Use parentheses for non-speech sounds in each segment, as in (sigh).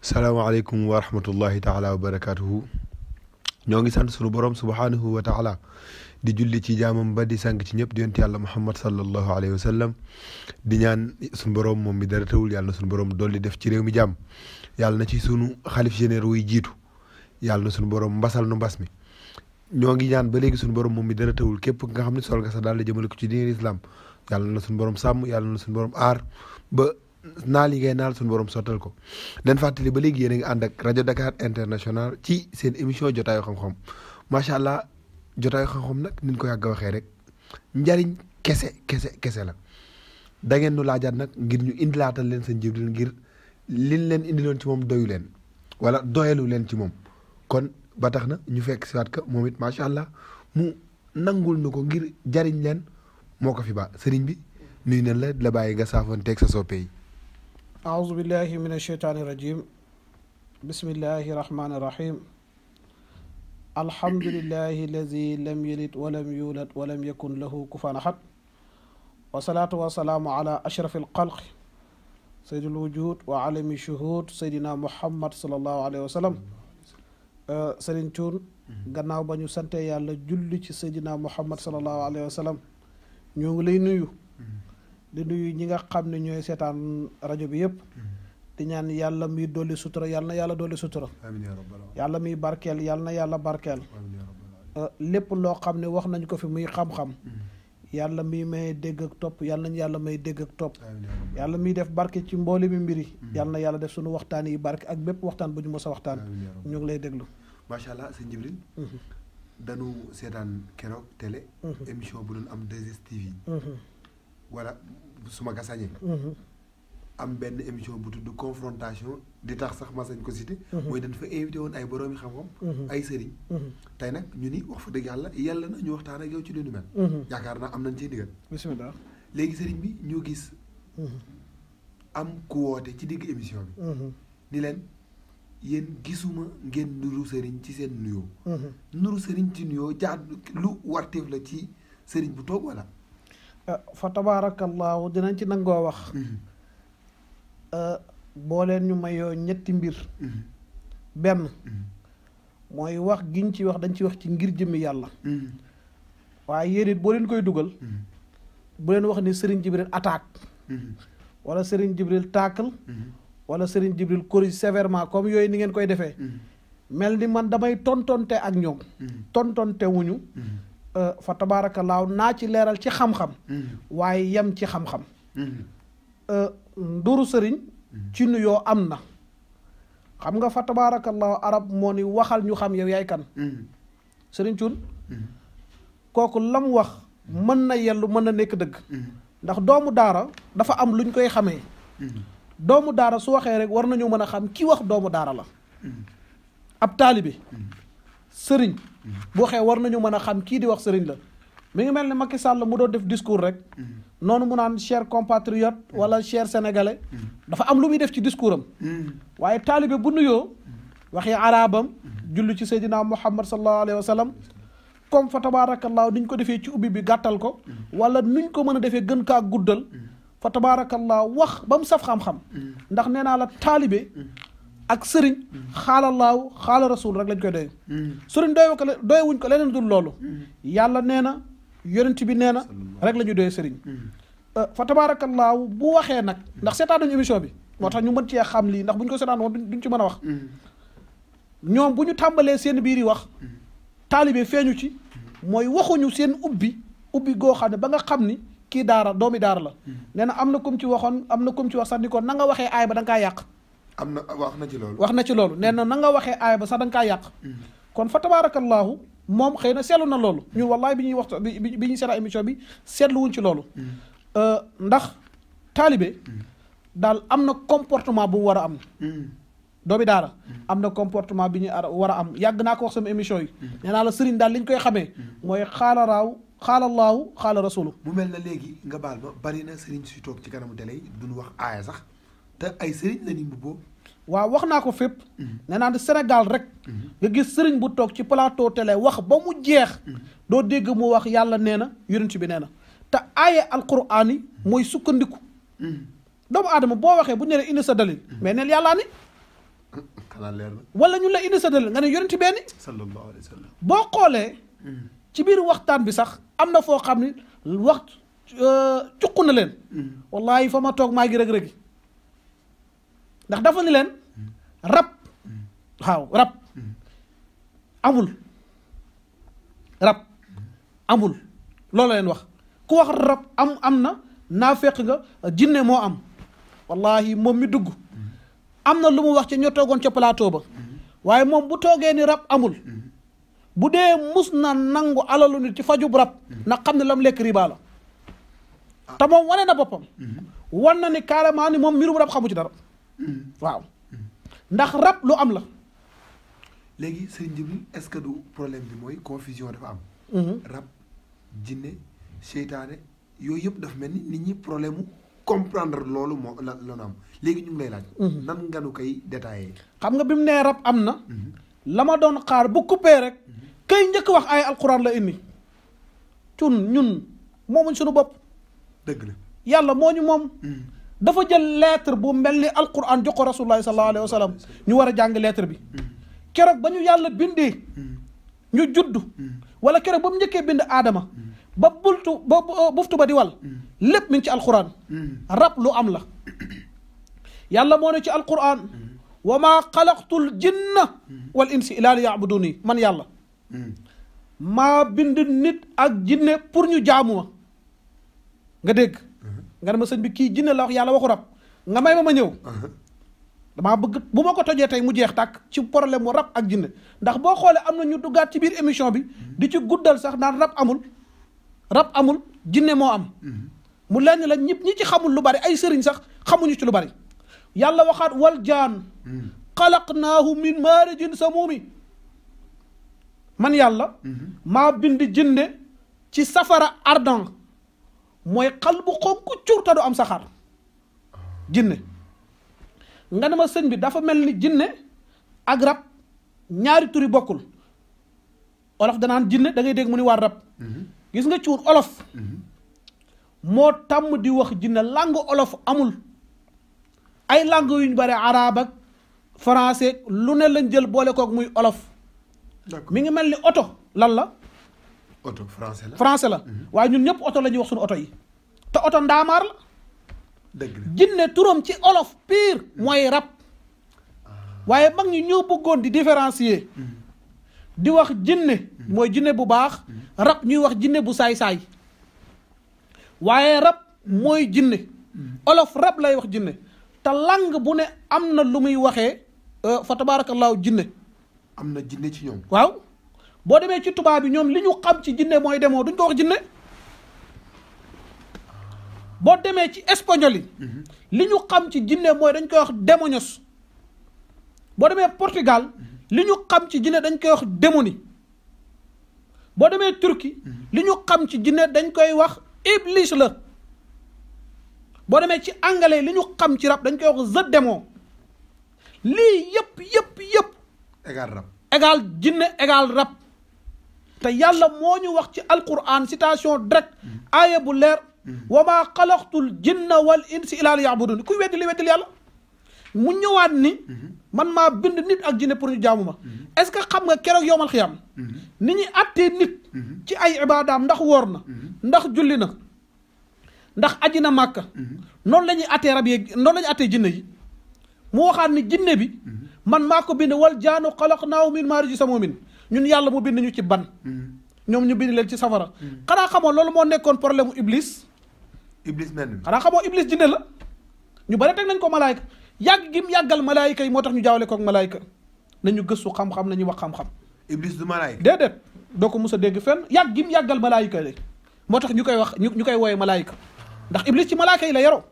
salaamaaleykum wa rahmatullahi taala wa barakaatuhu ñoo ngi sant sunu borom subhaanahu wa taala di julli ci jaamam ba di sànq ci ñëpp di yonent yàlla muhammad sallallahu alayhi wa sallam di ñaan sunu borom moom mi dara tawul yàlla na sunu borom dolli def ci réew mi jàmm yàlla na ci sunu xalif généraux yi jiitu yàlla na sunu borom mbasal nu mbas mi. ñoo ngi ñaan ba léegi sunu borom moom mi dara tawul képp nga xam ne sol nga sa daal di jëmale ko ci diine islam yàlla na sunu borom sàmm yàlla na sunu borom aar ba. naa yi ngay naal suñu borom sottal ko leen fàttali ba léegi yéen a ngi ànd ak rajo Dakar international ci seen émission jotaayu xam-xam macha allah jotaayu xam-xam nag ni ko yàgg waxee rek njariñ kese kese kese la. dangeen ngeen nu laajaat nag ngir ñu indilaatal leen seen Jibril ngir liñ leen indiloon ci moom doyu leen wala doyalu leen ci moom kon ba tax na ñu fekk si wat ka moom it macha allah mu nangul nu ko ngir jariñ leen moo ko fi baa sëriñ bi nuyu na la la bàyyi nga saafoon teeg sa soppe أعوذ بالله من الشيطان الرجيم بسم الله الرحمن الرحيم الحمد لله الذي لم يلد ولم يولد ولم يكن له كفوا أحد والصلاة والسلام على أشرف الخلق سيد الوجود وعالم الشهود سيدنا محمد صلى الله عليه وسلم سيدنا أه، Thioune gannaaw ba ñu sante yàlla julli ci Seydina Muhammad sallallahu alayhi wa sallam ñoo di nuyu ñi nga xam ne ñooy seetaan rajo bi yëpp. di ñaan yàlla muy dolli sutura yàlla na yàlla dolli sutura. yàlla muy barkeel yàlla na yàlla barkeel. Euh, lépp loo xam ne wax nañ ko fi muy xam-xam. Mm. yàlla miy may dégg ak topp yàlla nañ yàlla may dégg ak yàlla miy def barke ci mboole mi mbiri mm. yàlla na yàlla def suñu waxtaan yi barke ak bépp waxtaan bu ñu mos a waxtaan ñu ngi lay déglu macha allah sëñ Jibril mm-hmm. dañu seetaan keroog télé mm-hmm. émission bu doon am 2 wala suma gasañe mhm. am benn émission bu tudd confrontation di tax sax ma sañ ko cité. Mhm. mooy dañ fa invité woon ay boroomi xam-xam. Mhm. ay sëriñ. tey nag ñu ni wax fa dëgg yàlla yàlla na ñu waxtaan ak yow ci lu nu mel. yaakaar naa am nañ ci digal. bisimilah léegi sëriñ bi ñu gis. am ku woote ci digg émission bi. ni leen yéen gisuma ngeen nuru sëriñ ci seen nuyoo. nuru sëriñ ci nuyoo jaat lu warteef la ci sëriñ bu toog wala. Eh, fa tabaarakallaahu dinañ ci nangoo wax mm-hmm. eh, boo leen ñu mayoo ñetti mbir mm-hmm. benn mm-hmm. mooy wax giñ ci wax dañ ci wax ci ngir jëmmi yàlla waaye yéen it boo leen koy dugal bu leen wax ni Serigne Jibril attaque wala Serigne Jibril tacle wala Serigne Jibril corrige sévèrement comme yooyu ni ngeen koy defee mel ni man damay tontonte ak ñoom tontonte wuñu Euh, fa tabaarakallaahu naa ci leeral ci xam-xam mm-hmm. waaye yam ci xam-xam mm-hmm. euh, nduru sëriñ mm-hmm. ci nuyoo am na xam nga fa tabaarakallaahu arab moo ni waxal ñu xam yow yaay kan sëriñ Cuun kooku lam wax mën na yellu mën na nekk dëgg ndax doomu daara dafa am luñ koy xamee doomu daara su waxee rek war nañu mën a xam ki wax doomu daara la ab taalibe sëriñ boo waxee war nañu mën a xam kii di wax sëriñ la mi ngi mel ne Macky Sall mu doon def discours rek noonu mu naan cher compatriote wala cher sénégalais dafa am lu muy def ci discours am waaye taalibe bu nuyoo waxi arabam julli ci seydina muhammad sallallahu alayhi wa sallam comme fa tabaarakallaahu niñ ko defee ci ubbi bi gàttal ko wala nuñ ko mën a defee gën kaa guddal fa tabaarakallaahu wax ba mu saf xam-xam ndax nee naa la taalibe ak sëriñ xaalalaaw xaala rasul rek lañ koy doy sëriñ doy ko doy wuñ ko leneen du loolu yàlla nee na yonent bi nee na rek la ñuy doy sëriñ euh, fa tabaarakallaahu bu waxee nag ndax seetaanuñu émission bi moo tax ñu mën cee xam lii ndax bu ñu ko seetaan woon duñ ci mën a wax ñoom bu ñu tàmbalee seen biir yi wax taalibe feeñu ci mooy waxuñu seen ubbi ubbi goo xam ne ba nga xam ni kii daara doomi daara la mm. nee na am na kum ci waxoon am na kum ci wax sax ni ko na nga waxee aay ba da nga yàq am na wax na ci loolu. wax na ci loolu nee na na nga waxee aaya ba sax da nga yàq. Mm-hmm. kon fa tabaarakallaahu moom xëy na seelu na loolu. ñun wallaay bi ñuy waxtu bi bi ñuy seetaan émission bi seetluwuñ ci loolu. Mm-hmm. Euh, ndax taalibe. Mm-hmm. daal am na comportement bu war a am. doomi daara am na comportement bi ñu war a am yàgg naa ko wax sama émission yi. nee naa la sëriñ daal li ñu koy xamee. mooy xaala raaw xaala laaw xaala rasulu. mu mel na léegi nga baal ma bari na sëriñ si toog ci kanamu télé yi duñu wax aaya sax. te ay sëriñ la ñuy mbubboo waaw wax naa ko fépp mhm. nee naa Sénégal rek mhm. nga gis sëriñ bu toog ci plateau tele wax ba mu jeex mhm. doo dégg mu wax yàlla nee na yonent bi nee na te aaye alquran yi mooy sukkandiku doomu adama boo waxee bu ñu nee indi sa dalil mais neel yàllaa ni xanaa leer na wala ñu la indi sa dalil nga ne yonent benni sallallahu alayhi wa sallam boo xoolee ci biir waxtaan bi sax am na foo xam ni wax euh, cuq na leen wallahi fa ma toog maa ngi rëg-rëgi ndax dafa ni leen rab waaw amul rab amul loolu leen wax ku wax rab am am na naa fekk nga jinne moo am wallahi moom mi dugg am na lu mu wax ci ñoo toogoon ca plateau ba waaye moom bu toogee ni rab amul bu dee mus na nangu alalu nit ci fajub rab na xam ne la mu lekk riba la te moom wane na boppam mm-hmm. wan na ni carrément ni moom mbirum rab xamu ci dara waaw ndax rab lu am la. léegi sëriñ Jibril est-ce que du problème bi mooy confusion dafa am. Mhm. rab jinne seytaane yooyu yëpp dafa mel ni nit ñi problème mu comprendre loolu moo la la am léegi ñu ngi lay laaj. Mhm. nan nga nu koy détaillé. xam nga bi mu nee rab am na. Mhm. la ma doon xaar bu coupé rek. kay njëkk wax ay alquran la indi. cun ñun moomuñ sunu bopp. dëgg la yàlla moo ñu moom. dafa jël lettre bu mel ni alquran jox ko rasulullah sallallahu alayhi ñu war a jàng lettre bi keroog ba ñu yàlla bindee ñu judd wala keroog ba mu njëkkee bind aadama ba bultu ba euh, buftu ba di wal lépp mi ci alquran rab lu am la yàlla moo ne ci alquran wa maa xalaqtul jinna wal insi ilaa li yaabuduni man yàlla maa bind nit ak jinne pour ñu jaamu nga dégg nga ne ma sëñ bi kii jinne la wax yàlla waxu rab nga may ma ma ñëw dama bëgg bu ma ko tojee tey mu jeex tàkk ci problème mu rab ak jinne ndax boo xoolee am na ñu duggaat ci biir émission bi di ci guddal sax naan rab amul rab amul jinne moo am mu lenn la ñëpp ñi ci xamul lu bari ay sëriñ sax xamuñu ci lu bari yàlla waxaat wal jaan xalaqnaahu min maarijin samuumi man yàlla maa bind jinne ci safara ardent mooy xal bu xonk cuur te du am saxaar jinne nga ne sëñ bi dafa mel ni jinne ak rab ñaari turi bokkul olof danaan jinne da ngay dégg mu ni waar rab mm-hmm. gis nga cuur olof mm-hmm. moo tàmm di wax jinne langue olof amul ay langue yu ñu bare arabe ak français lu ne lañ jël boole kook muy olof mi ngi mel ni oto lan la oto français la français la mhm. ñun ñep auto la wax suñu auto yi te auto ndamar la deug la jinne turum ci olof pire moy mhm. rap ah. waye mag ñu ñoo bëggoon di différencier mhm. di wax jinne moy jinne bu baax rap ñuy wax jinne bu say say waye rap moy jinne olof rap lay wax jinne ta lang bu ne amna lu muy waxee euh, fa tabarakallah jinne amna jinné jinne ci ñoom waaw boo demee ci tubaab bi ñoom li ñu xam ci jinne mooy demoo duñ ko wax jinne boo demee ci espagnol yi li ñu xam ci jinne mooy dañ koy wax demonios boo demee Portugal li ñu xam ci jinne dañ koy wax démoni boo demee turki li ñu xam ci jinne dañ koy wax iblis la boo demee ci anglais li ñu xam ci rab dañ koy wax the démon lii yëpp yëpp yëpp égal rab égal jinne égal rab te yàlla moo ñu wax ci alquran citation direct aaya bu leer wa maa xalaqtul jinna wal insi illaa liya'budun ku weddil weddil yàlla mu ñëwaat ni man maa bind nit ak jinne pour ñu jaamu es ce que xam nga keroog yowmal xiyaam ni ñi àttee nit ci ay ibaadaam ndax woor na ndax julli na ndax aji na màkka noonu la ñuy àttee rab yi noonu la ñuy àttee jinne yi mu waxaat ni jinne bi man maa ko bind wal jaanu xalaqnaahu ji maariji samoomin ñun yàlla mo bind ñu ci ban ñom ñu bind leen ci safara xana xamoo loolu moo nekkoon problème iblis iblis men xana xamoo iblis jinde la ñu bari tek nañ ko malaayka yàgg gim yàggal malaika yi moo tax ñu jaawale ak malaika nañu gëstu xam-xam nañu wax xam-xam iblis du malaika déedéet doo ko mos a dégg fenn yàgg gim yàggal malaayka yi moo tax ñu koy wax ñu koy wooye malaayka ndax iblis ci malaika yi la yaroo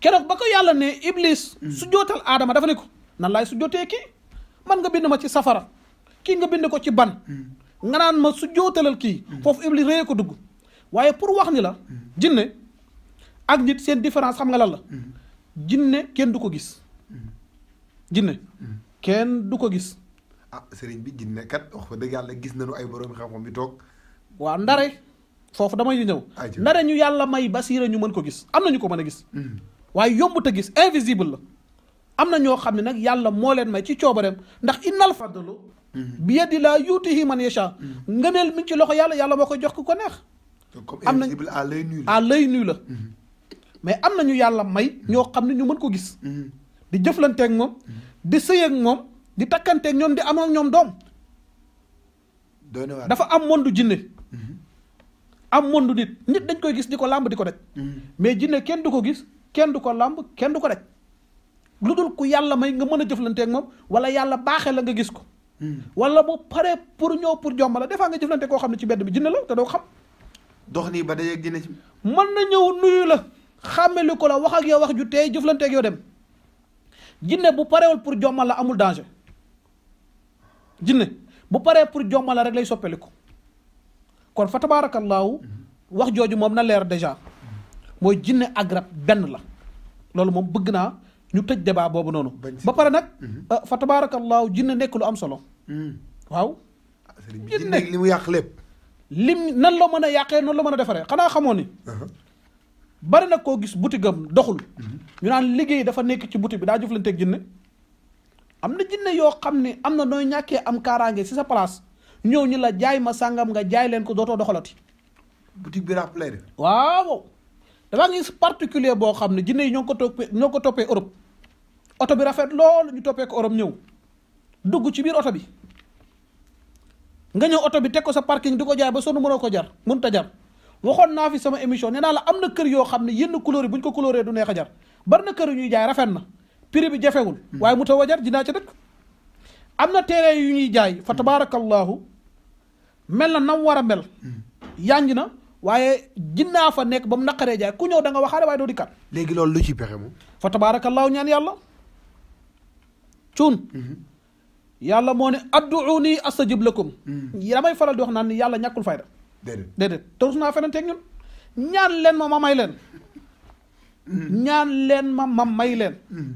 keroog ba ko yàlla ne iblis su jootal aadama dafa ne ko nan laay su jootee kii man nga bind ma ci safara kii nga bind ko ci ban hmm. nga naan ma su jootalal kii hmm. foofu iblis réyee ko dugg waaye pour wax ni la hmm. jinne ak nit seen différence xam nga lan la jinne kenn du ko gis jinne kenn du ko gis ah sëriñ bi jinne kat wax fa dëgg yàlla gis nañu ay borom xam-xam bi toog waaw ndare foofu damay ñu ñëw ndare ñu yàlla may basiira ñu mën ko gis am na ñu ko mën a gis waaye yombut a gis invisible la am na ñoo xam ne nag yàlla moo leen may ci coobareem ndax innal fadlu bi di laa yuutihi man yasha ngëneel mi ngi ci loxo yàlla yàlla moo koy jox ku ko neex am nañ à l'œil nu la mhm. mais am nañu yàlla may ñoo xam ne ñu mën ko gis mhm. di jëflanteeg moom di sëyeeg moom di takkanteeg ñoom di amoon ñoom doom dafa am du jinne mhm. am du nit nit dañ koy gis di ko làmb di ko daj mais jinne kenn du ko gis kenn du ko làmb kenn du ko daj lu dul ku yàlla may nga mën a jëflanteeg moom wala yàlla baaxee la nga gis ko. wala bu paree pour ñëw pour jomb la des fois nga jëflante koo xam ne ci bedd bi jinne la te doo xam. dox ba dajeeg jinne ci. mën na ñëw nuyu la xàmme lu ko la wax ak yow wax ju tey jëflanteeg yoo dem jinne bu parewul pour jommal la amul danger jinne bu paree pour jommal la rek lay soppaliku kon fa tabaarakallaahu wax jooju moom na leer déjà mooy jinne ak benn la loolu moom bëgg naa. ñu tëj baa boobu noonu. ba pare nag. Mhm. Euh, fa tabaarakallaahu jinne nekk lu am solo. Mm. waaw. Ah, jinne limu yàq lépp. lim nan la mën a yàqee noonu la mën a defaree xanaa xamoo ni. Uh-huh. bari nag koo gis boutique doxul. Mhm. ñu naan liggéey dafa nekk ci boutique bi daa jëflanteeg jinne am na jinne yoo xam ne am na nooy ñàkkee am kaaraange si sa place ñëw ñu la jaay ma sàngam nga jaay leen ko dootoo doxalati. boutique bi ràpp lay def. waaw. dafa gis particulier boo xam ne jinne yi ño ko toppee ñoo ko toppee Europe. oto bi rafet lool ñu toppee ko Europe ñëw dugg ci biir oto bi nga ñëw oto bi teg ko sa parking di ko jaay ba sonn mënoo ko jar mënut ta jar waxoon naa fi sama émission nee naa la am na kër yoo xam ne yenn couleur yi bu ñu ko coloré du neex a jar bari na kër yu ñuy jaay rafet na prix bi jafewul waaye mu taw a jar dinaa ca dëkk am na terrain yu ñuy jaay fa tabaarakallaahu mel na nam war a mel yànj na waaye jinnaa fa nekk ba mu naqaree jaay ku ñëw da nga waxaale waaye doo di kat léegi loolu lu ci pexe moom fa tabaarakallaahu ñaan yàlla tuun yàlla moo ne adduuni astajib lakum damay hmm. faral di wax naan ni yàlla ñàkkul fayda déedéet déedéet tarus naa fenante ak ñun ñaan leen ma ma may leen hmm. ñaan leen ma ma may leen hmm.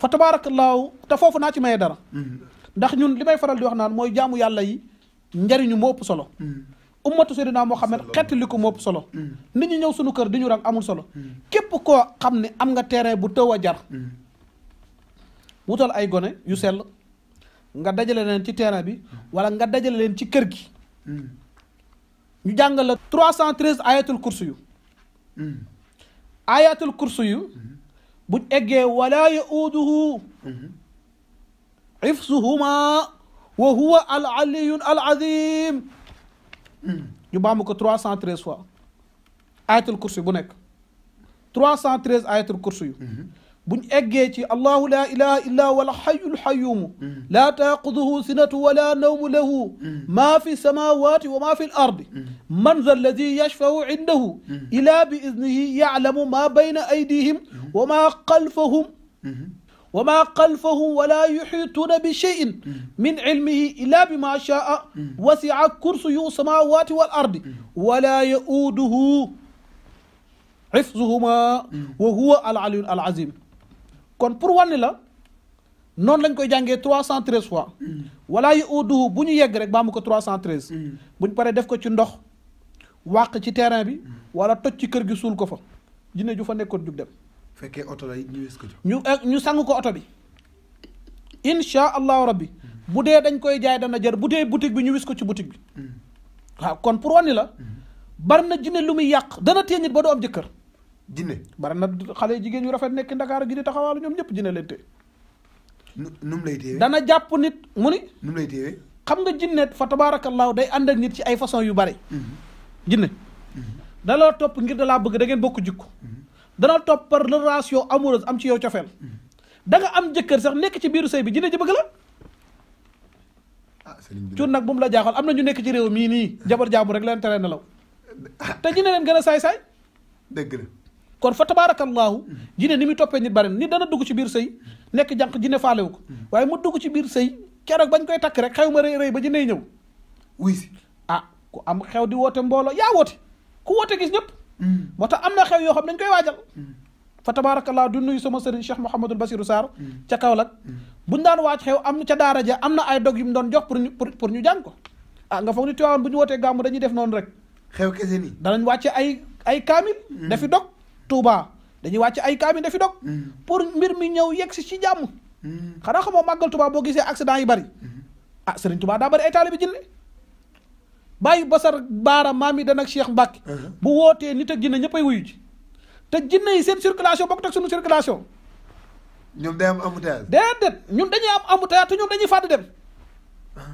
fa tabaarakallaahu te foofu naa ci maye dara ndax ñun li may faral di wax naan mooy jaamu yàlla yi njariñu moo ëpp solo ummatu seydina Muhammad xetti li ko moo ëpp solo nit ñu ñëw sunu kër di ñu rang amul solo képp ko xam ne am nga terrain bu tëw a jar wutal ay gone yu sel nga dajale len ci terrain bi wala nga dajale len ci kër gi ñu jàngal la trois ayatul kursi yu ayatul kursi yu buñ eggee wala yauduhu ifsuhuma wa huwa al aliyun al azim ñu baamu ko 313 fois ayatul kursi bu nek 313 cent treize ayatul kursi yu بن أجيتي الله لا إله إلا هو الحي الحيوم لا تأخذه سنة ولا نوم له ما في السماوات وما في الأرض من ذا الذي يشفع عنده إلا بإذنه يعلم ما بين أيديهم وما خلفهم وما خلفه ولا يحيطون بشيء من علمه الا بما شاء وسع كرسي السماوات والارض ولا يؤوده حفظهما وهو العلي العظيم kon pour wànni la noonu lañ koy jàngee trois cent treize fois wala yu uduhu bu ñu yegg rek baamu ko trois cent treize buñ paree def ko ci ndox wàq ci terrain bi wala toj ci kër gi suul ko fa jinne ju fa nekkoon jug dem fekkee oto la ñu wis ko ñu eh, ñu sang ko oto bi insha allahu rabbi bu dee dañ koy jaay dana jar bu dee boutique bi ñu wis ko ci boutique bi mm. waaw kon pour wànni la mm. bari na jinne lu muy yàq dana téye ba du am jëkkër jinne bari na xale jigéen ñu rafet nekk ndakaar gi di taxawaalu ñoom ñëpp jinne leen téye nu mu lay téye dana jàpp nit mu ni nu mu lay xam nga jinne fa tabaarakallaahu day ànd nit ci ay façon yu bari mm-hmm. jinne mm-hmm. daloo topp ngir dalaa bëgg da ngeen bokk jikko mm-hmm. dana topp par relation amoureuse am ci yow cofeel da nga am jëkkër sax nekk ci biiru sëy bi jinne ji bëgg la ah, cuun nag bu mu la jaaxal am na ñu nekk ci réew mii nii jabar jaamu rek leen tere nelaw (laughs) te jinne leen gën a saay-saay dëgg kon fa tabaarakallaahu jine ni muy toppee nit bari nit dana dugg ci biir sëy nekk jànq jine faalewu ko waaye mu dugg ci biir sëy keroog bañ koy takk rek xew ma rëy rëy ba jiney ñëw wuy si ah, ku am xew di woote mbooloo yaa woote ku woote gis ñëpp mm. moo tax am na xew yoo xam dañ koy waajal mm. fa tabaarakallaahu du nuyu sama sëriñ Cheikh Mouhamadul Basiru Sarr mm. ca Kaolack buñ daan waaj xew am ca daara ja am na ay dog yu mu doon jox pour ñu pour ñu jàng ko ah nga foog ni Tiwaawan bu ñu wootee gàmmu dañuy def noonu rek xew kese ni danañ wàcce ay ay kaamil dafi dog Touba dañuy wàcc ay kaamil dafi dog hmm. pour mbir mi ñëw yegg si ci jàmm hmm. xanaa xamoo màggal Touba boo gisee accident yi bari hmm. ah Serigne Touba daa bari ay taalibe jinne bàyyi basar baara maam yi danak Cheikh Mbacke bu wootee nit ak jinne ñëppay wuyu ji te jinne yi seen circulation bokkut ak sunu circulation ñoom day am embouteillage déedéet ñun dañuy am embouteillage te ñoom dañuy fàdd dem ah.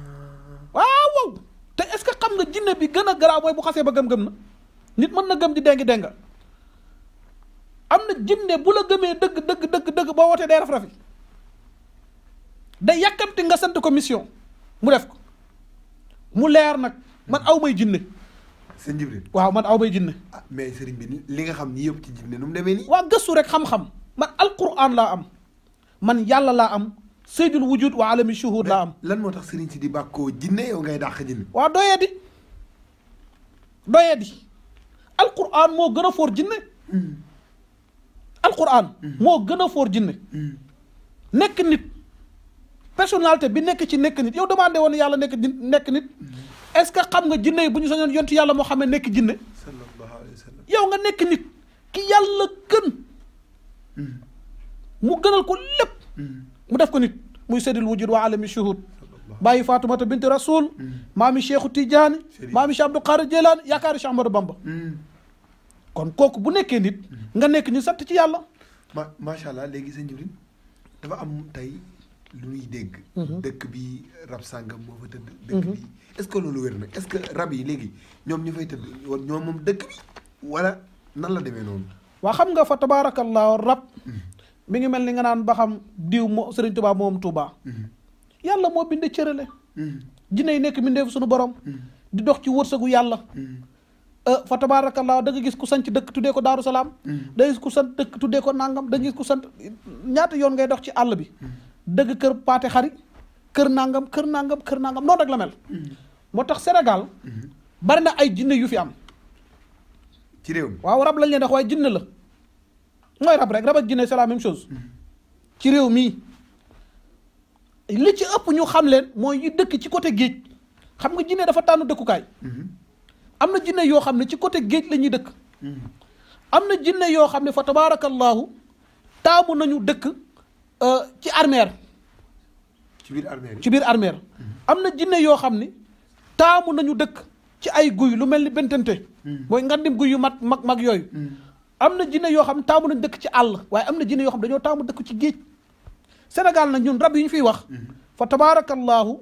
waaw wow te est-ce que xam nga jinne bi gën a garaaw bu xasee ba gëm-gëm na nit mën na gëm di déngi dénga am na jinne bu la gëmee dëgg dëgg dëgg dëgg boo wootee day raf-rafi day yàkkamti nga sant ko mission mu def ko mu leer nag man aw may jinne sëñ Jibril waaw man aw may jinne ah mais sëriñ bi li nga xam ni yëpp ci jinne nu demee nii waa gëstu rek xam-xam man alquran laa am man yàlla laa am saydul wujud wa alami shuhud laa am lan moo tax sëriñ si di bàkkoo jinne ngay dàq jinne waaw doyee di doyee di alquran moo gën a foor jinne hmm. alquran mm-hmm. moo gën a foor jinne mm-hmm. nekk nit personnalité bi nekk ci nekk nit yow demandé woon yàlla nekk nekk nit mm-hmm. est-ce que xam nga jinne yi bu ñu yoon ti yàlla moo xam ne nekk jinne yow nga nekk nit ki yàlla gën mu gënal ko lépp mu def ko nit muy seddil wujud wa alami shuhud bàyyi Faatumata binti rasoul maami Cheikhu Tidiane maami Cheikh Abdou Qadir Jilani yaakaari Cheikh Ahmadou Bamba kon kooku bu nekkee nit nga nekk ñu sant ci yàlla. ma macha allah léegi sëñ Diourine dafa am tey lu ñuy dégg. Mhm. dëkk bi rab sàngam moo fa tëdd. Mhm. dëkk bi est-ce que loolu wér na est-ce que rab yi léegi ñoom ñu fay tëdd ñoom moom dëkk bi wala nan la demee noonu. waa xam nga fa tabaarakallaahu rab. mu mhm. ngi mel ni nga naan ba xam diw moo Serigne Touba moom Touba. yàlla moo bind cërale. jinne yi nekk mbindeef suñu borom. di dox ci wërsëgu yàlla. Eh, fa tabaarakallaa da nga gis ku sanc dëkk tuddee ko daaru salaam mm. da nga gis ku sant dëkk tuddee ko nangam da nga gis ku sant ñaata yoon ngay dox ci àll bi mm. dëgg kër paate xari kër nangam kër nangam kër nangam noonu rek la mel mm. moo tax Sénégal mm-hmm. bari na ay jinne yu fi am ci réew waaw rab lañ leen wax waaye jinne la mooy rab rek rab ak jinne c'est la chose mm-hmm. ci réew mii li ci ëpp ñu xam leen mooy yu dëkk ci côté géej xam nga jinne dafa tànn dëkkukaay mm-hmm. am na jinne yoo xam ne ci côté géej la ñuy dëkk na jinne yoo xam ne fa tabaarakallaahu taamu nañu dëkk euh, ci armeer ci biir ci biir armeer am na jinne yoo xam ne taamu nañu dëkk ci ay guy lu mel ni bentante mooy ngandim guy yu mag mag mag yooyu am na jinne yoo xam ne taamu nañu dëkk ci àll waaye am na jinne yoo xam ne dañoo taamu dëkk ci géej Sénégal nag ñun rab yi ñu fiy wax fa tabaarakallaahu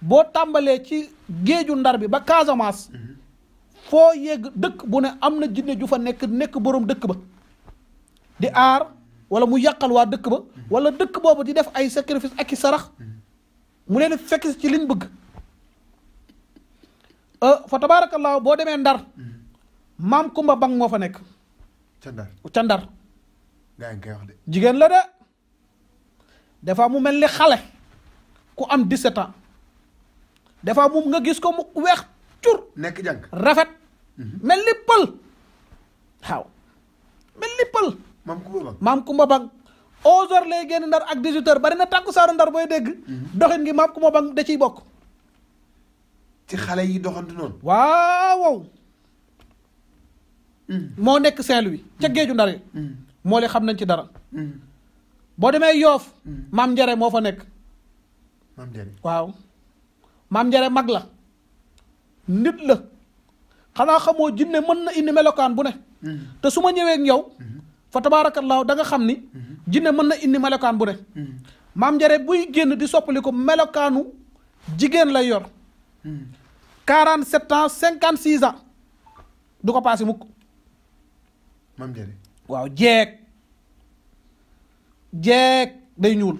boo tàmbalee ci géeju ndar bi ba Casamance foo yegg dëkk bu ne am na jinne ju fa nekk nekk borom dëkk ba di aar wala mu yàqal waa dëkk ba wala dëkk boobu di def ay sacrifice ak i sarax mu leen fekk ci liñ bëgg euh, fa tabaarakallaahu boo demee ndar maam Kumba Bang moo fa nekk. ca ca ndar. jigéen la de des mu mel ni xale ku am 17 ans des mu nga gis ko mu weex cur. nekk rafet. Mhm. mel ni pël waaw mel ni maam Kumba Bang maam Kumba Bang onze génn ndar ak dix bari na tàkku saaru ndar booy dégg mhm. doxin gi maam Kumba Bang da ciy bokk ci xale yi doxantu noonu waaw mhm. moo nekk Saint-Louis ca géeju ndar yi moo li xam nañ ci dara boo demee yoof maam njare moo fa nekk waaw maam njare mag la nit la xana xamoo jinne mën na indi melokaan bu ne te suma ma ñëwee ak yow fa tabarakallah da nga xam ni jinne mën na indi melokaan bu ne maam njare buy génn di soppali melokaanu jigéen lay yor 47 ans 56 ans du ko passé mukk maam jare waaw jeeg jeeg day ñuul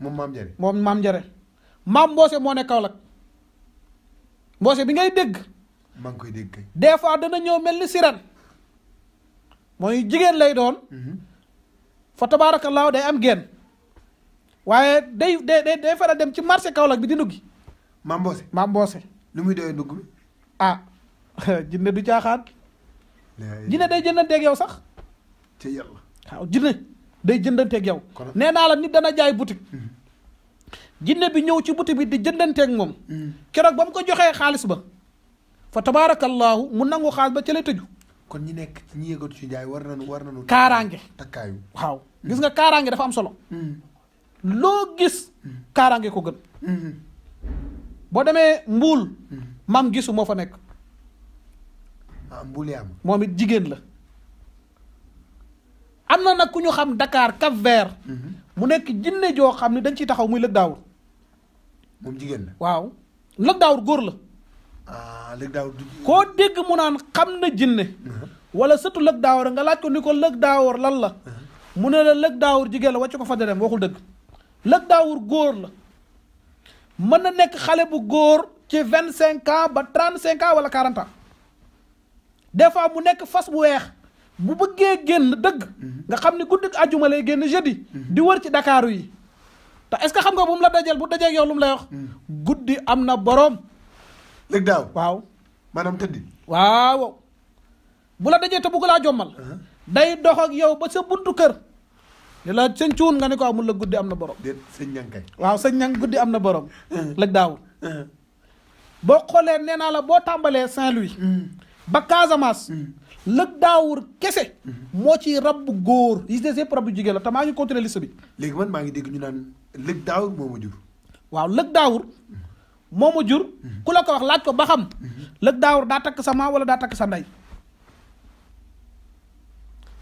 moom maam jare moom maam jare maam mboose moo ne bi ngay dégg maa ngi koy dégg kay fois dana ñëw mel ni siran mooy jigéen lay doon. Mm-hmm. fa tabaarakallaahu day am génn. waaye day day day faral dem ci marché Kaolack bi di nduggi. maam Mboose maam Mboose. lu muy doyee ndugg bi. ah (laughs) jinne du caaxaan. jinne day jëndanteeg yow sax. te yàlla waaw jinne day jëndanteeg yow. nee naa la nit dana jaay boutique. Mm-hmm. jinne bi ñëw ci boutique bi di jëndanteeg moom. Mm-hmm. keroog ba mu ko joxee xaalis ba. fa tabaarakallaahu mu nangu xaalis ba ca la kon ñi nekk ci ñi yëngatu ci jaay war nañu war nañu. kaaraange takkaayu waaw mm. gis nga kaaraange dafa am solo. Mm. loo gis. Mm. kaaraange ko gën. Mm-hmm. boo demee mbuul. maam gisu moo fa nekk. ah mbuul moom it jigéen la. am na nag ku ñu xam Dakar Cap Vert. Mm-hmm. mu nekk jinne joo xam ne dañ ciy taxaw muy lëg daawur. moom jigéen la waaw lëg daawur góor la. Ah, lëg daaw koo dégg mu naan xam na jinne uh-huh. wala sëtu lëg daawar nga laaj ko ni ko lëg daawar lan la uh-huh. mu ne la lëg daawur jigéen la wàcc ko fa dem waxul dëgg lëg daawur góor la mën na nekk xale bu góor ci vingt cinq ans ba trente cinq ans wala quaranta ans des fois mu nekk fas bu weex bu bëggee génn dëgg uh-huh. nga xam ni guddi ajuma lay génn jeudi di wër ci Dakaaru yi te est-ce que xam nga bu mu la dajal bu dajee yow lu mu lay guddi am na boroom lëg daaw waaw maanaam tëddi waaw la dajee te bugg laa jommal uh-huh. dox ak yow ba sa kër li la sëñ nga ne ko amul la guddi am na borom déet sëñ waaw sëñ ñang guddi am na borom lëg uh-huh. daawul uh-huh. boo xoolee nee naa la boo tàmbalee Saint-Louis ba Casamance lëg daawur kese moo ci rabbu góor yi des yëpp rabbu jigéen la te maa ngi continuer liste bi léegi man maa ngi dégg ñu naan lëg daawur moo jur waaw lëg daawur momu jur kula ko wax laaj ko ba xam lëg daawur da tak sa wala da tak sa nday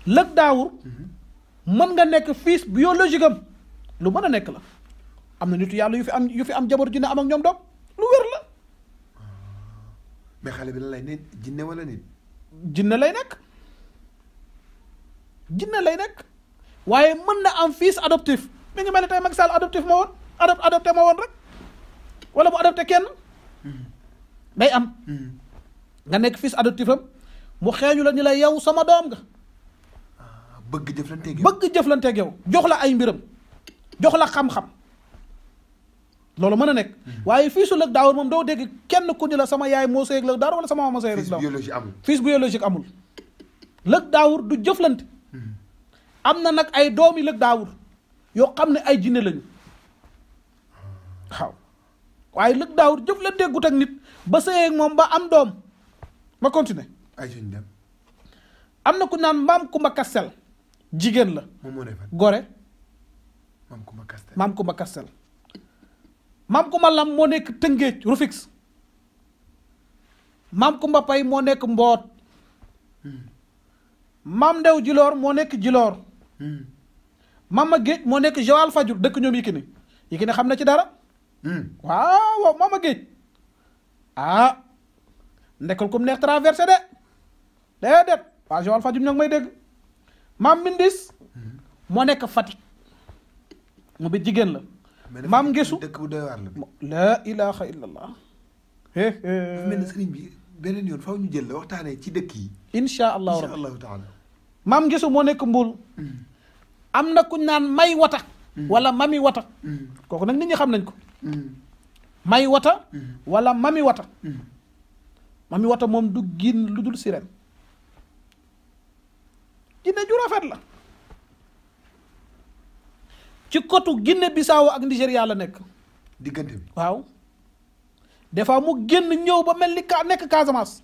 lëg daawur man nga nek fils biologique lu meuna nek la amna nitu yalla yu fi am yu fi am jabar jinne am ak ñom do lu wër la mais xale bi lay nit jinne wala nit jinne lay nek jinne lay nek waye am fils adoptif mi ngi mel tay mag sal adoptif mo won adop adopté mo won rek wala mu adopté kenn day am nga nek fils adoptif am mu xéñu la ni la yow sama dom nga bëgg jëflanté yow bëgg jëflanteeg yow jox la ay mbiram jox la xam-xam lolu mëna nek waye fils lu su mom do dégg kenn ku ni la sama yaay moo sëyeeg lëg daawar wala sama mama sey lëg daawar biologique amul fils biologique amul lëg daawur du jëflante amna nak ay doomi lëg daawur yo xamné ay jinne lañu xaw waaye lëg daawur jëf la déggut ak nit ba sëyee ak moom ba am doom ma continuer ay dem am na ku naan maam Kumba Kastel jigéen la gore maam Kumba Kastel maam Kumba Kastel maam Kumba Lam moo nekk Tëngéej Rufix maam Kumba Pay moo nekk Mboot hmm. maam Ndew Jiloor moo nekk Jiloor maam ma Géej moo nekk Joal Fajur dëkk ñoom Yékini Yékini xam na ci dara Hmm. waaw waaw maama géej ah nekkal kum neex traversé de déedéet waa Joal Fadiouth ñoo may dégg maam Mindis hmm. moo nekk Fatick mu bi jigéen la. maam Ngesu dëkk bu doy waar la bi. laa ilaaha illallah. bi beneen yoon faaw ñu jël la waxtaanee ci dëkk yi. incha maam Ngesu moo nekk Mboul. Hmm. am na kuñ naan may wata. wala yi wata. kooku nag nit ñi xam nañ ko. Mm. may wata wala mami wata mm. mami wata moom du génn lu dul sirem jinne ju rafet la ci kotu Guinée Bissau ak Nigéria la nekk diggante bi waaw des fois mu génn ñëw ba mel ni ka nekk Casamance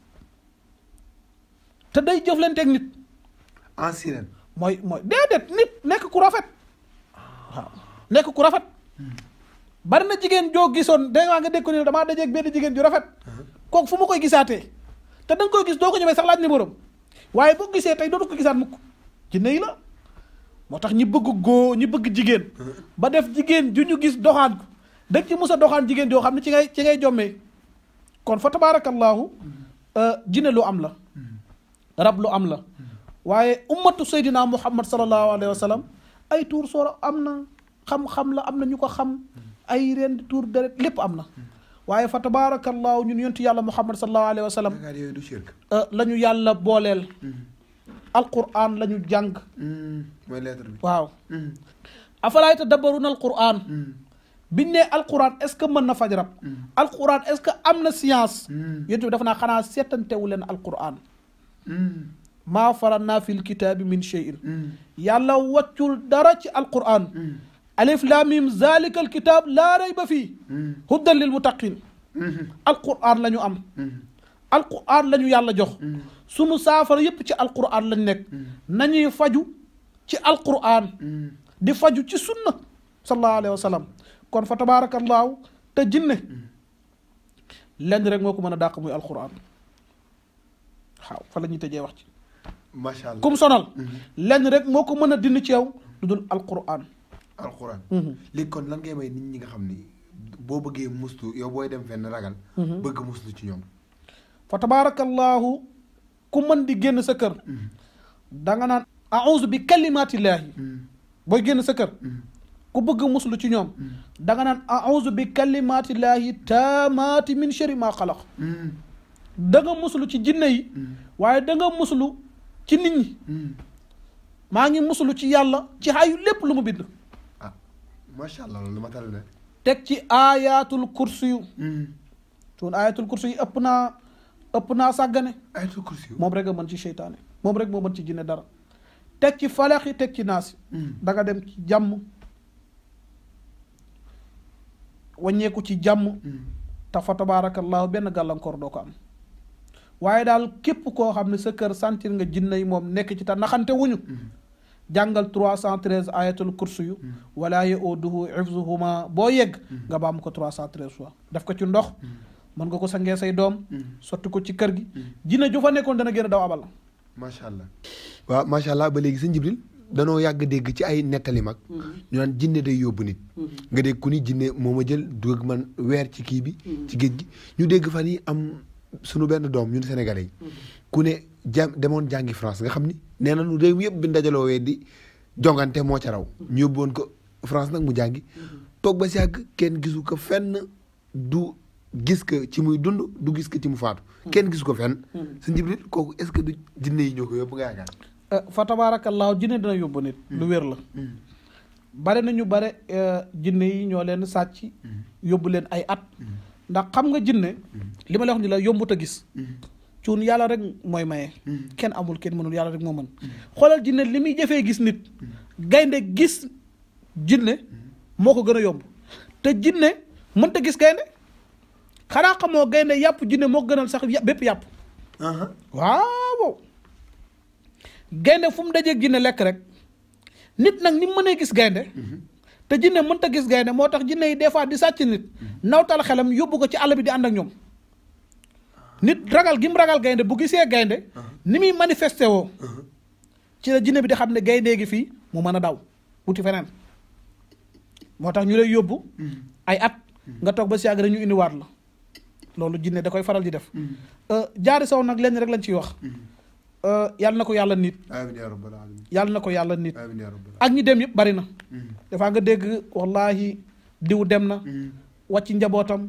te day jëflanteeg nit en sirène mooy mooy déedéet nit nekk ku rafet ah. nekk ku rafet mm. bari na jigéen joo gisoon da nga dégg ko ni damaa dajeeg benn jigéen ju rafet uh-huh. kooku fu ma koy gisaatee te da koy gis doo ko ñëwee sax laaj numéro waaye boo gisee tey dootu ko gisaat mukk jinne yi la moo tax ñi bëgg góor ñi bëgg jigéen uh-huh. ba def jigéen ju ñu gis doxaan ko dëgg doxaan jigéen joo xam ne ci ngay ci ngay jommee kon fa tabaarakallaahu uh-huh. uh, jinne lu am la rab lu am la waaye ummatu saydina muhammad sallallahu alayhi wa sallam ay tuur soor am na xam-xam la am na ñu ko xam ay reen tuur deret lépp amna waye fa tabaarakallaahu ñun yontu yàlla muhammad sallallahu alayhi wasallam lañu yàlla bolel alquran lañu jàng moy lettre bi waaw afala yatadabbaruna alquran biñ ne alquran est ce que mën na faj rab alquran est ce que amna science yontu dafa naa xanaa alquran ما فرنا في fil من شيء يلا yàlla درج dara ألف لام ميم ذلك الكتاب لا ريب فيه هدى للمتقين القرآن لا أم القرآن لا يالا جوخ سونو سافر ييب تي القرآن لا نيك ناني فاجو سي القرآن دي فاجو تي سنة صلى الله عليه وسلم كون فتبارك الله تجنة لن رك مكو مانا داق موي القرآن xaaw fa la ñuy tëjee wax ci. macha allah kum sonal. lenn rek moo ko mën a دودل القرآن alxuraan. Mhm. léegi kon lan ngay may nit ñi nga xam ni boo bëggee muslu yow booy dem fenn ragal. Mhm. bëgg muslu ci ñoom. fa di génn sa kër. Mhm. da bi kalimaatillaahi. booy génn sa kër. ku bëgg muslu ci ñoom. danga nga naan auzu bi kalimaatillaahi taamaati min sharri maa xalaq. da muslu ci jinne yi. waaye da nga muslu ci nit ñi. maa ngi muslu ci yàlla ci xayu lépp lu mu bind. macha allah loolu ma tàll de. teg ci aayatul kursi yu. Hmm. suun ëpp naa ëpp naa sàggane. aayatul moom rek a mën ci seytaane moom rek moo mën ci jinne dara. teg ci falaxi teg ci naasi. Hmm. dem ci jàmm. waññeeku ci jàmm. Hmm. te fa benn gàllankoor doo ko am. waaye daal képp koo xam ne sa kër sentir nga jinne yi moom nekk ci te naxante wuñu. jàngal trois cent 313 ayatul kursi yu hmm. wala yauduhu xifzuhuma boo yegg hmm. nga baam ko cent 313 fois def ko ci ndox hmm. mën nga ko sangee say doom sotti ko ci kër gi jina ju fa nekkoon dana gën a daw macha allah waaw macha allah ba léegi sëñ Jibril danoo yàgg dégg ci ay nettali mag ñu naan jinne day yóbbu nit nga dégg ku ni jinne moo ma jël dugg man weer ci kii bi ci géej gi ñu dégg fa yi am sunu benn doom ñun sénégalais ku ne jam demoon jàngi France nga xam ni nee nañu réew yëpp bi ndajaloo wee di jongante moo ca raw. ñu yóbbuwoon ko France nag mu jàngi. toog ba si yàgg kenn gisu ko fenn du gis ko ci muy dund du gis ko ci mu faatu. kenn gisu ko fenn. sëñ Jibril kooku est-ce que du jinne yi ñoo ko yóbbu nga yaakaar. Euh, fa tabaarakallaahu jinne dina yóbbu nit. lu wér la. bare nañu bare euh, jinne yi ñoo leen sàcc. yóbbu leen ay at. ndax xam nga jinne li ma la wax ni la yombut a gis. cun yalla rek moy maye. Hmm. ken amul ken munul yalla rek mo man xolal jinne limi muy gis nit. Hmm. gaynde gis jinne hmm. moko ko yob, yomb te jinne ta gis gaynde xanaa xamoo gaynde yap jinne moko gënal sax yap, yàpp. waaw. gaynde fum dajje jinne lek rek nit nak ni mëne gis gaynde te jinne ta gis gaynde motax tak jinne yi des fois di sacc nit nawtal xelam yóbbu ko ci bi di and ak ñom nit ragal gim ragal gaynde bu gisee gaynde ni muy manifesté wo ci la jinne bi di xamne gaynde gi fi mu meuna daw wuti fenen motax ñu lay yobbu mhm. ay at mhm. nga tok ba siag rañu indi wat la lolu jinne da koy faral di def mhm. euh, jaari saw nak lenn rek lañ ci wax euh yalla ko yalla nit ya alamin yalla ko yalla nit ya ak ñi dem yeb bari na dafa nga deg wallahi diw dem na wacc njabotam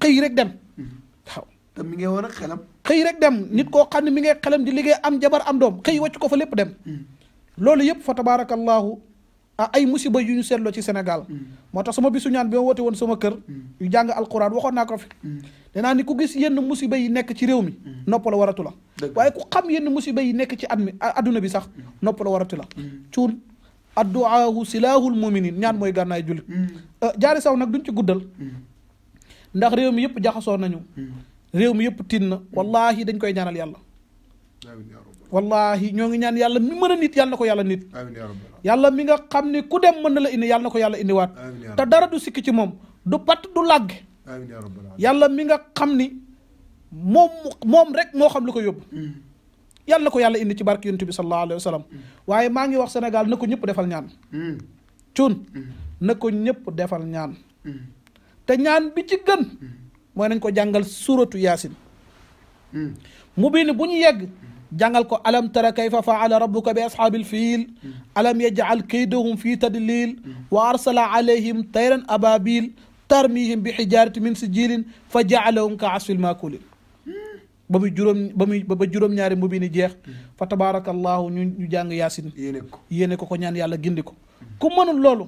xey rek dem mi ngi woon ak xelam. xëy rek dem nit koo xam ne mi ngi xelam di liggéey am jabar am doom xëy wàcc ko fa lépp dem. Mm. loolu yëpp fa tabaarakallaahu a ay musiba yu ñu seetloo ci Sénégal. Mm. moo tax sama bisu ñaan bi ma woote woon sama kër. Mm. yu jàng alquran waxoon naa ko fi. danaa ni ku gis yenn musiba yi nekk ci réew mi. nopp waratu la. waaye ku xam yenn musiba yi nekk ci at mi adduna bi sax nopp la waratu la. cuun adduaahu silaahul muminin ñaan mooy gànnaay jullit. Euh, jaari saw nag duñ ci guddal. ndax réew mi yëpp jaxasoo nañu. réew mi yëpp tiin na wallaahi dañ koy ñaanal yàlla wallaahi ñoo ngi ñaan yàlla mi mën a nit yàlla na ko yàlla nit yàlla mi nga xam ne ku dem mën na la indi yàlla na ko yàlla indiwaat te dara du sikki ci moom du pat du làgg yàlla mi nga xam ni moom moom rek moo xam lu ko yóbbu hmm. yàlla ko yàlla indi ci barke yonent bi sallallahu alayhi wa hmm. waaye maa ngi wax Sénégal na ko ñëpp defal ñaan hmm. cuun na ko ñëpp defal ñaan te ñaan bi ci mooy nañ ko jàngal suratu yaasin hmm. mu bu ñu yegg jàngal ko alam tara kayfa faala rabbuka bi ashaabil fiil hmm. alam yajcal kaydahum fi tadlil wa arsala alayhim tayran ababil tarmihim bi xijaarati min sijilin fa jacalahum ka asfil maakulin hmm. ba juróom ba muy ba juróom-ñaari mu bi jeex fa tabaraka ñu ñu yaasin yéene ko ko ñaan yàlla gindi ko ku mënul loolu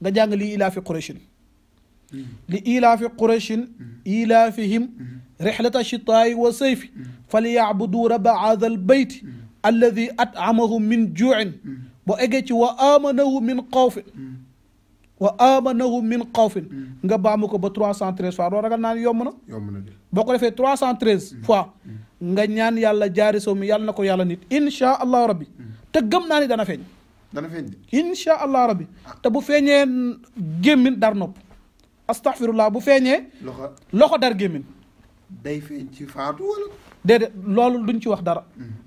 nga jàng lii ilaa fi qurayshin لإيلاف قريش إيلافهم رحلة الشتاء والصيف فليعبدوا رب هذا البيت الذي أطعمهم من جوع وأجت وآمنه من خوف وآمنه من خوف nga baamu ko ba 313 fois doo ragal naan yomb na yomb na boo ko defee 313 fois nga ñaan yàlla jaari sow mi yàlla na ko yàlla nit insha allah rabbi te gëm naa ni dana feeñ dana feeñ insha allah rabbi te bu feeñee gémmin dar nopp astaghfirullah bu feeñee. loxo loxo dar gémmiñ day feeñ ci faatu wala. déedéet loolu duñ ci wax dara. Mm-hmm.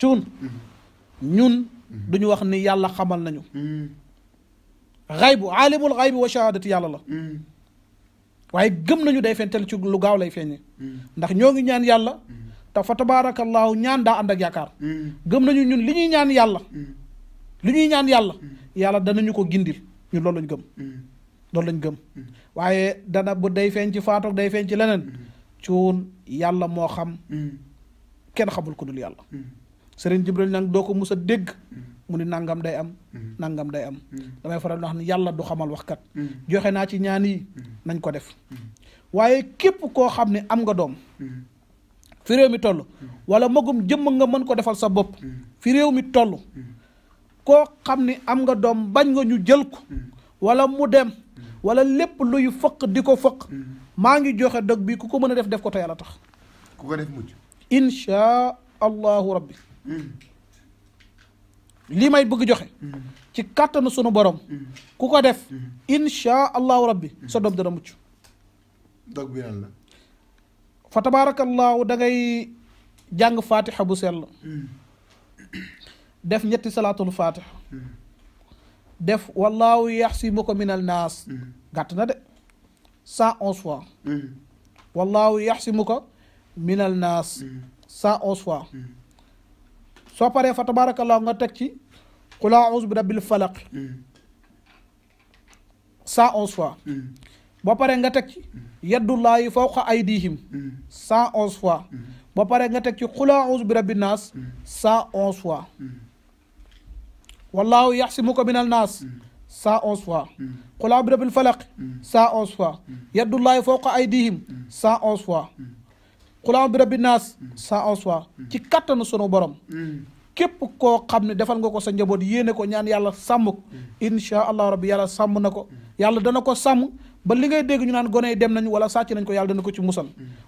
cuun mm-hmm. ñun mm-hmm. duñu wax ni yàlla xamal nañu. xaybu aalimul xaybi wa shahadati yàlla la. waaye gëm nañu day feeñ tel ci lu gaaw lay feeñee. ndax ñoo ngi ñaan yàlla. te fa tabaarakallaahu ñaan daa ànd ak yaakaar. gëm nañu ñun li ñuy ñaan yàlla. li ñuy ñaan yàlla. yàlla danañu ko gindil ñun loolu lañu gëm. loolu lañ gëm waaye dana bu day feeñ ci faatoog day feeñ ci leneen cuun yàlla moo xam kenn xabul ku dul yàlla sëriñ Jibril nag doo ko mus a dégg mu ni nangam day am nangam day am damay faral di wax yàlla du xamal waxkat joxe naa ci ñaan yi nañ ko def waaye képp koo xam ne am nga doom fi mi toll wala magum jëmm nga mën ko defal sa bopp réew mi toll koo xam ni am nga doom bañ nga ñu jël ko wala mu dem wala lépp luy fëq di ko fëq maa ngi joxe dog bi ku ko mën a def def ko te tax ku ko def mujj insha allahu rabbi li may bëgg joxe ci kàttanu sunu borom ku ko def insha allahu rabbi sa dog dana mucc dog bi nan la fa tabaarakallaahu da ngay jàng fatiha bu sell def ñetti salaatul fatiha def wallaahu yaxsimuka min al naas mm-hmm. gàtt na de cent onze fois mm-hmm. wallaahu yaxsimuka min al naas mm-hmm. cent onze fois soo paree fa tabaarakallaahu nga teg ci qul auzu bi rabbil falaq cent onze fois ba pare nga teg ci yaddullaahi fawqa aydihim cent onze fois ba pare nga teg ci qul auzu bi rabbin naas cent onze fois wallahu yaxsimuka min alnaas cent mm. onze fois mm. qul abirabil falaq cent mm. onze fois yaddullahi fawqa aydihim cent onze fois qul abirabil naas cent onze fois ci kattanu sunu borom képp koo xam ne defal nga ko sa njaboot yéene ko ñaan yàlla sàmm ko insha allah rabbi yàlla sàmm na ko yàlla dana ko sàmm ba li ngay dégg ñu naan gone yi dem nañu wala sàcc nañ ko yàlla dana ko ci musal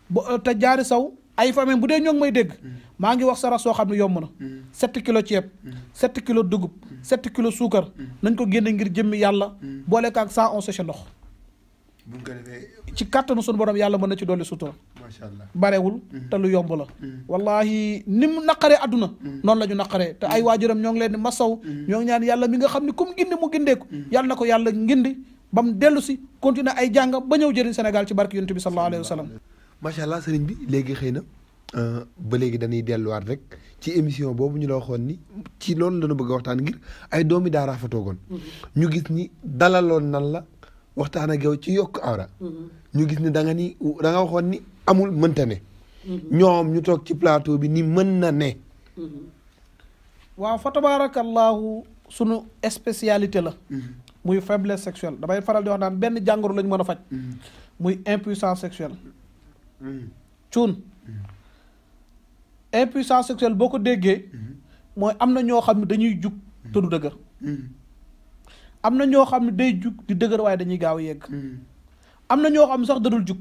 bo te jaari saw ay famille bu dee ñoo ngi may dégg mm. maa ngi wax sarax soo xam ne yomb na mm. sept kilo ceeb mm. sept kilo dugub sept kilo suukar nañ ko génne ngir jëmmi yàlla boole ko ak cent onze sa ndox ci kàttanu sunu borom yàlla mën na ci dolli sutura macha allah barewul te lu yomb la wallahi ni mu naqaree adduna noonu la ñu naqaree te ay waajuram ñoo ngi leen di masaw ñoo ñaan yàlla mi nga xam ne ku mu gindi mu gindeeku yàlla ko yàlla ngindi ba mu dellu si continuer ay jàng ba ñëw jëriñ Sénégal ci barke yonent bi sallallahu alayhi wa sallam macha allah sëriñ bi léegi xëy na euh, ba léegi dañuy delluwaat rek ci émission boobu ñu la waxoon ni ci loolu la bëgg a waxtaan ngir ay doomi daaraa fa toogoon mm-hmm. ñu gis ni dalaloon nan la waxtaan ak yow ci yokk awra mm-hmm. ñu gis ni da nga ni da waxoon ni amul mënta ne mm-hmm. ñoom ñu toog ci plateau bi ni mën na ne waaw fa tabaarakallaahu sunu spécialité la muy faiblesse sexuelle damay faral di wax naan benn jàngoro lañ mën a faj muy impuissance sexuelle cuun impuissance sexuelle boo ko déggee mooy am na ñoo xam ne dañuy jug te dëgër am na ñoo xam ne day jug di dëgër waaye dañuy gaaw yegg am na ñoo xam ne sax dadul jug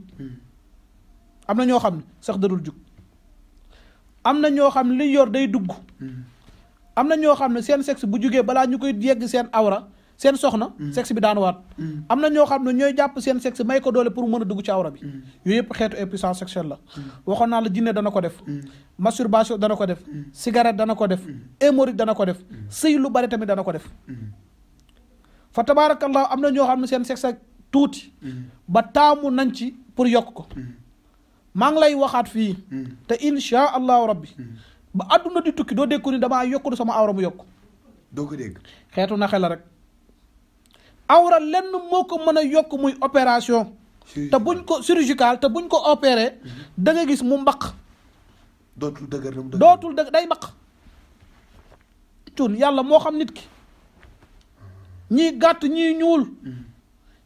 am na ñoo xam ne sax dadul jug am na ñoo xam li yor day dugg am na ñoo xam ne seen sexe bu jugee balaa ñu koy yegg seen awra seen soxna. Mm. sexe bi daanuwaat. Mm. am na ñoo xam ne ñooy jàpp seen sexe may ko doole pour mën a dugg ci awra bi. Mm. yooyu yëpp xeetu impuissance sexuelle la. waxoon naa la jinne dana ko def. masurbation dana ko def. cigarette dana ko def. hémorroïde dana ko def. sëy lu bari tamit dana ko def. fa tabaarakallah am na ñoo xam ne seen sexe tuuti. ba taamu nañ ci pour yokk ko. maa ngi lay waxaat fii. te insha allahu rabbi. ba àdduna di tukki doo dégg ko ni damaa yokk sama awra mu yokk. doo ko xeetu naxe la rek. awra lenn moo ko mën a yokk muy opération te buñ ko chirurgical te buñ ko opéré mhm. da nga gis mu mbaq dootul dëgër dootul day mbaq cuun yàlla moo xam nit ki ñii gàtt ñii ñuul mhm.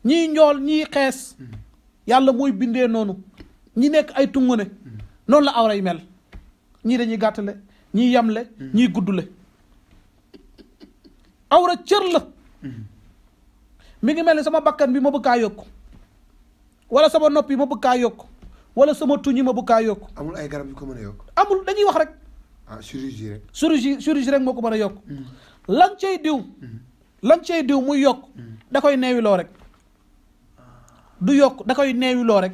ñii njool ñii xees mhm. yàlla mooy bindee noonu ñi nekk ay tungune noonu la awray mel ñii dañuy gàttale ñii yamle ñii le awra cër la mi ngi mel ni sama bakkan bi ma bëgg kaa yokku wala sama nopp yi ma bëgg kaa yokku wala sama tuñ yi ma bëgg kaa yokku. amul ay garab yu ko mën a yokk. amul dañuy wax rek. ah chirurgie rek. chirurgie rek moo ko mën a yokk. Hmm. lan cay diw. Hmm. lan cay diw muy yokk. Hmm. da koy neewiloo rek. du yokk da koy rek.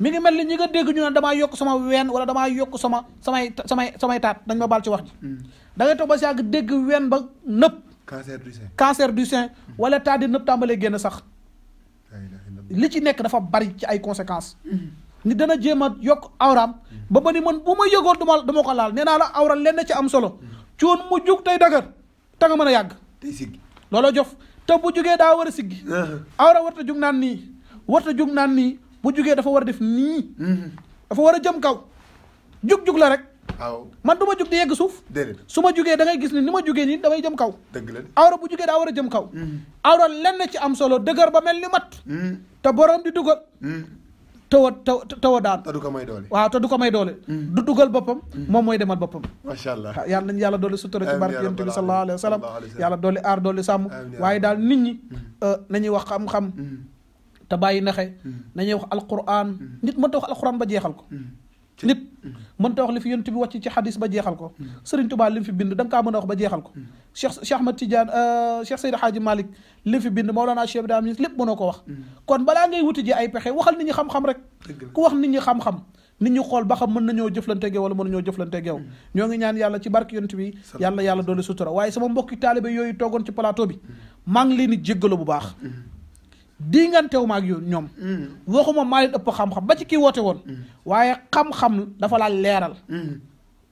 mi ngi mel ni ñi nga dégg ñu ne damaa yokk sama ween wala damaa yokk sama samay samay samay taat dañ ma baal ci wax ji. da ngay toog ba si yàgg dégg ween ba nëpp. cancer du sein cancer du sein wala cest tàmbalee génn sax li ci nekk dafa bari ci ay conséquences. ni dana jéem a yokk awraam ba ba ni man bu ma yëgoon duma duma ko laal nee naa la awra lenn ci am solo coon mu jug tey dagar ta nga mën a yàgg tey siggi looloo jof te bu jugee daa war a siggi awra warta jug naan nii warta jug naan nii bu jugee dafa war a def nii dafa war a jëm kaw jug-jug la rek man du ma jug di yegg suuf su ma jugee dangay gis ni ni ma jugee nii damay jëm kaw awra bu jugee daa war a jëm kaw mm. awra lenn ci am solo dëgër ba mel ni mat mm. te borom di dugal tawa mm. taw tawa daan te du may doole waaw du ko may doole du dugal boppam moom mooy demal boppam macha allah yàlla nañ yàlla doole sutura ci barke yonent bi sallallahu alayhi wa sallam yàlla doole aar doole sàmm waaye daal nit ñi euh, nañuy wax xam-xam te bàyyi naxe nañuy wax alquran nit mënta wax alquran ba jeexal ko nit mënta wax li fi yonent bi wàcc ci xadis ba jeexal ko Serigne Touba li mu fi bind da nga mën a wax ba jeexal ko Cheikh Cheikh ma Tidiane euh, Cheikh Seydou Hadji Malick li fi bind Mawlana Cheikh Ibrahim lépp mënoo ko wax kon balaa ngay wuti ji ay pexe waxal nit ñi xam-xam rek wax nit ñi xam-xam nit xool ba xam mën nañoo jëflante geew wala mën nañoo jëflante geew mm. ñoo ngi ñaan yàlla ci barke yonent bi yàlla yàlla doole sutura waaye sama mbokki taalibe yooyu toogoon ci plateau bi maa ngi leen di jéggalo bu baax mm. diingantewu ma ak yow ñoom. Mm. waxuma maa leen ëpp xam-xam ba ci kii woote woon. Mm. waaye xam-xam dafa laal leeral. Mm.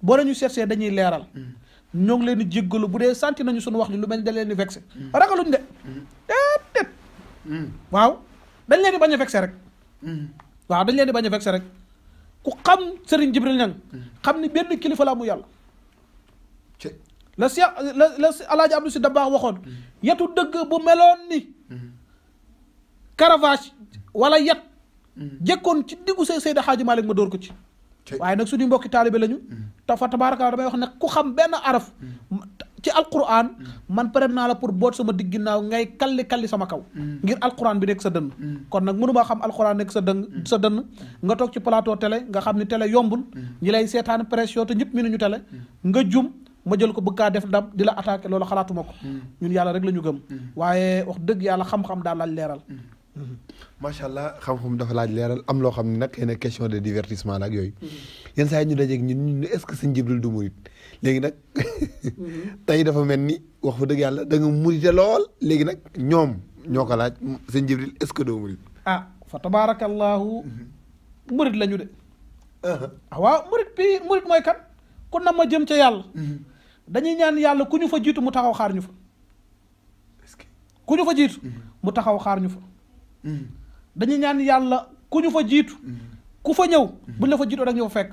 boo la ñu seetsee dañuy leeral. ñoo ngi leen di jéggalu bu dee santi nañu suñu wax lu lu mel ni dañ leen se vexé. ragaluñ de. déedéet. waaw dañ leen di bañ a vexé rek. waaw dañ leen bañ a vexé rek ku xam sëriñ Jibril Niang. xam ni benn kilifa la amu yàlla. la si la la si El Hadj Abdou Si Dabakh waxoon. yetu dëgg bu meloon ni. caravage wala yat mm. jëkkoon ci diggu say Seydi Xaaji Malick ma door ko ci waaye nag suñu mbokki taalibe lañu mm. te fa tabaaraka damay wax ne ku xam benn araf mm. ci alquran man pare naa la pour boot sama digg ginnaaw ngay kalli kalli sama kaw ngir alquran bi nekk sa dënn kon nag mënumaa xam alquran nekk sa dënn sa dënn nga toog ci plateau tele nga xam ni télé yombul ñi lay seetaan pression te ñëpp mënuñu télé nga jum ma jël ko bëgg kaa def ndam di la attaqué loolu xalaatuma ko ñun yàlla rek la ñu gëm waaye dëgg yàlla xam daal lañ leeral macha allah xam-xam dafa laaj leeral am loo xam ne nag xëy na question de divertissement nag yooyu. yenn saa yi ñu dajeeg ñun ñun est-ce que sëñ Jibril du murit léegi nag. (laughs) tey dafa mel ni wax fa dëgg yàlla da nga murite lool léegi nag ñoom ñoo ko laaj sëñ Jibril est-ce que doo murit. ah fa tabaarakallaahu murit lañu de. ah waaw murit bi murit mooy kan ku na ma jëm ca yàlla. Mm-hmm. dañuy ñaan yàlla ku ñu fa jiitu mu taxaw xaar ñu fa. ku ñu fa jiitu. Mm-hmm. mu taxaw xaar ñu fa. dañuy ñaan yàlla ku ñu fa jiitu mm. ku fa ñëw mm. buñ la fa jiitoo rek ñëw fekk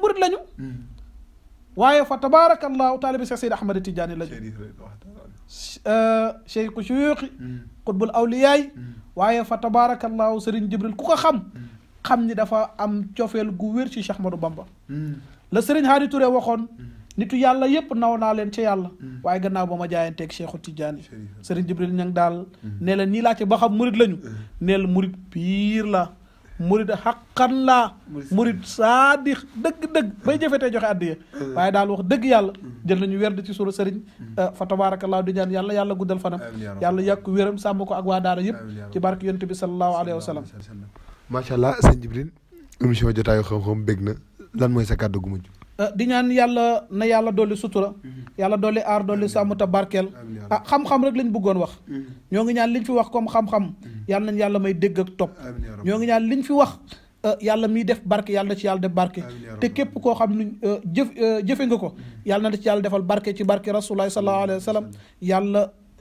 murit lañu mm. waaye fa tabarakallahu taalibi Cheikh Seydi Ahmad Tidiane lañu cheikhu suyuuxi xutbul awliyaay waaye fa tabarakallahu Serigne Jibril ku ko xam xam ni dafa am cofeel gu wér ci Cheikh Bamba la Serigne Hadi Touré waxoon nitu yàlla yépp naw naa leen ca yàlla mm. waaye gannaaw ba ma jaayanteeg Cheikhu Tidiane sëriñ Jibril ñang daal mm. ne la ñii laajte ba xam murit lañu mm. neel murit piir la murit xaqan laa murit saadix dëgg-dëgg bay jëfetee joxe addiye waaye daal wax dëgg yàlla jël nañu werd ci sunu sëriñ euh, fa tabaarakallaahu di jaan yàlla yàlla guddal fanam yàlla yàkku wéram sàmm ko ak waa daara yëpp ci barke yonent bi sallallahu alayhi wa sallam macha allah sëñ Jibril émission jotaayu xam-xam bég na lan mooy sa kàddu gu mujj Euh, di ñaan yàlla na yàlla dolli sutura mhm. yàlla dolli aar dolli sàmm te barkeel ah xam-xam rek lañ bëggoon wax mhm. ñoo ngi ñaan liñ fi wax comme xam-xam mhm. yàlla nañ yàlla may dégg ak topp ñoo ngi ñaan liñ fi wax euh, yàlla miy def barke yàlla na ci yàlla def barke te képp koo xam ne euh, jëf jëfe nga ko yàlla na ci yàlla defal barke ci barke rasulaay sallallahu alayhi wa sallam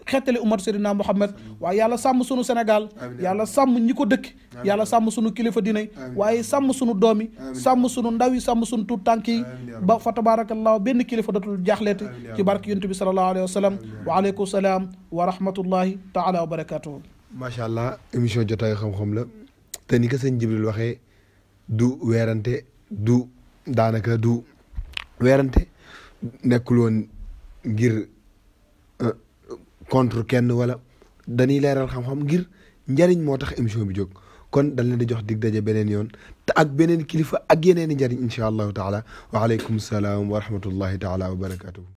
xetali Omar Serina Mohamed waaye yàlla sam sunu Sénégal yàlla sam ñiko dëkk yàlla sam sunu kilifa diine waye sam sunu doom sam sunu ndaw yi sam sunu tout tanki ba fa tabarakallah ben kilifa dotul jaaxleeti ci barki yonent bi salallaahu alayhi wasallam wa aleykum salam wa rahmatullahi taala wa barakatuh macha allah émission jotaayu xam-xam la te ni ko sëñ Jibril waxee du weerante du daanaka du weerante nekkul woon ngir contre kenn wala dañuy leeral xam-xam ngir njariñ moo tax émission bi jóg kon dañ leen di jox dig daje beneen yoon te ak beneen kilifa ak yeneen i njariñ incha allahu taala waaleykum salaam wa rahmatullahi taala wa barakatuhu